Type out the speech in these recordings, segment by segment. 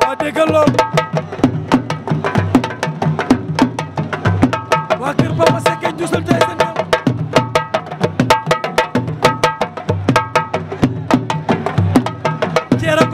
waa déggal lool waa kër Papa Seck ñu sol tey seen kaw ceera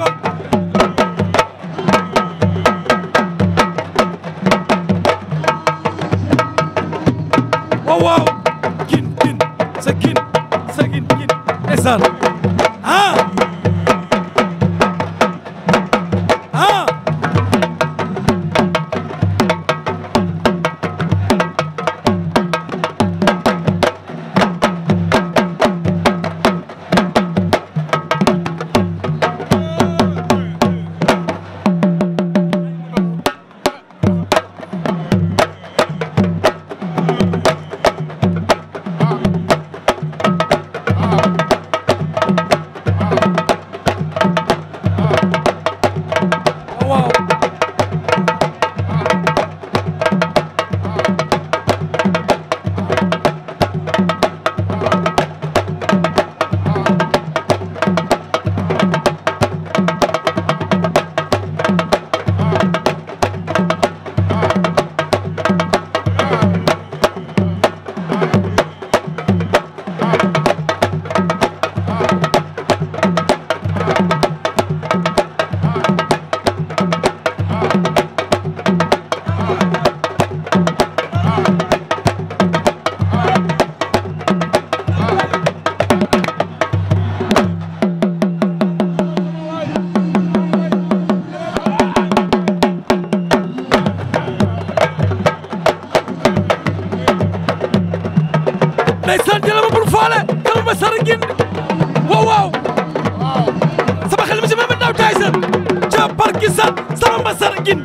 gisa samba sargin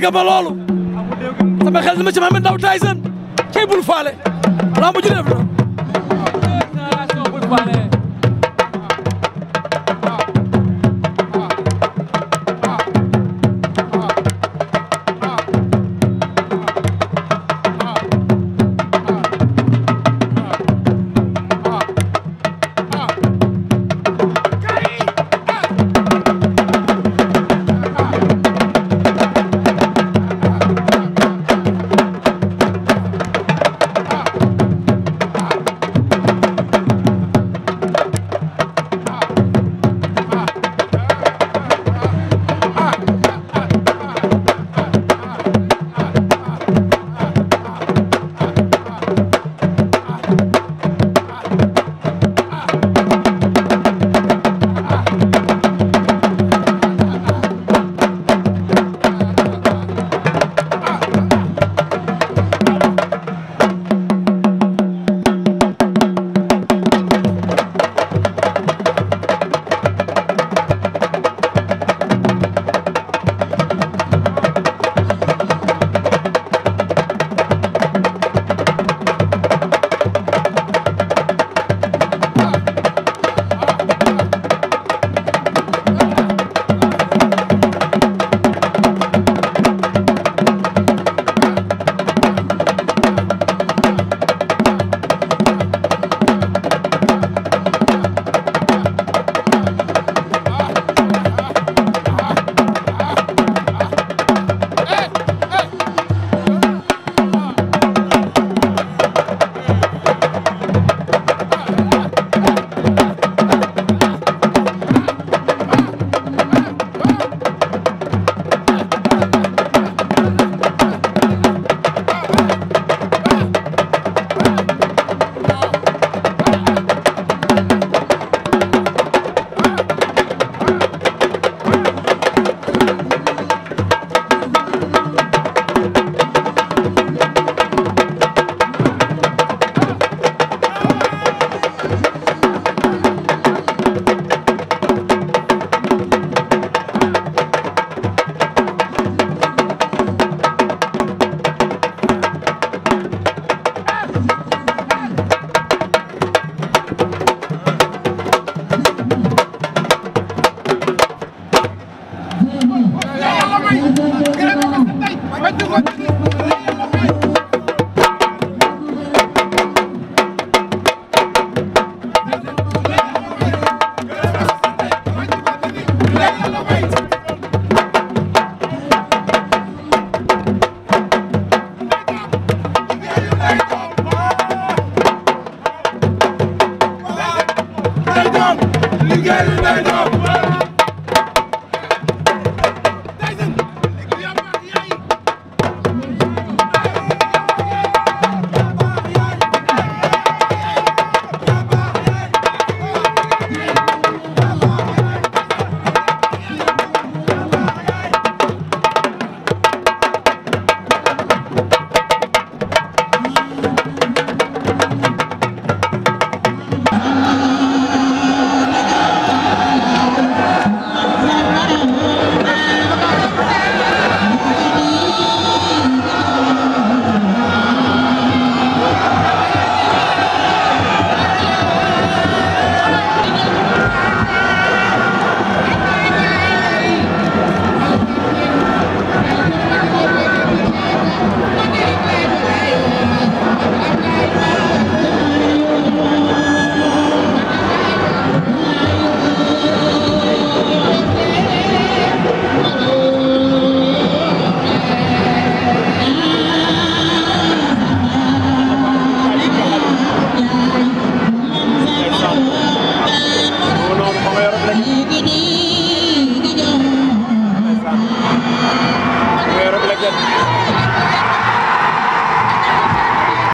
fàtte nga ma loolu sama xel dama ci Mouhamed Ndao Tyson cey bul faale lamb ji def na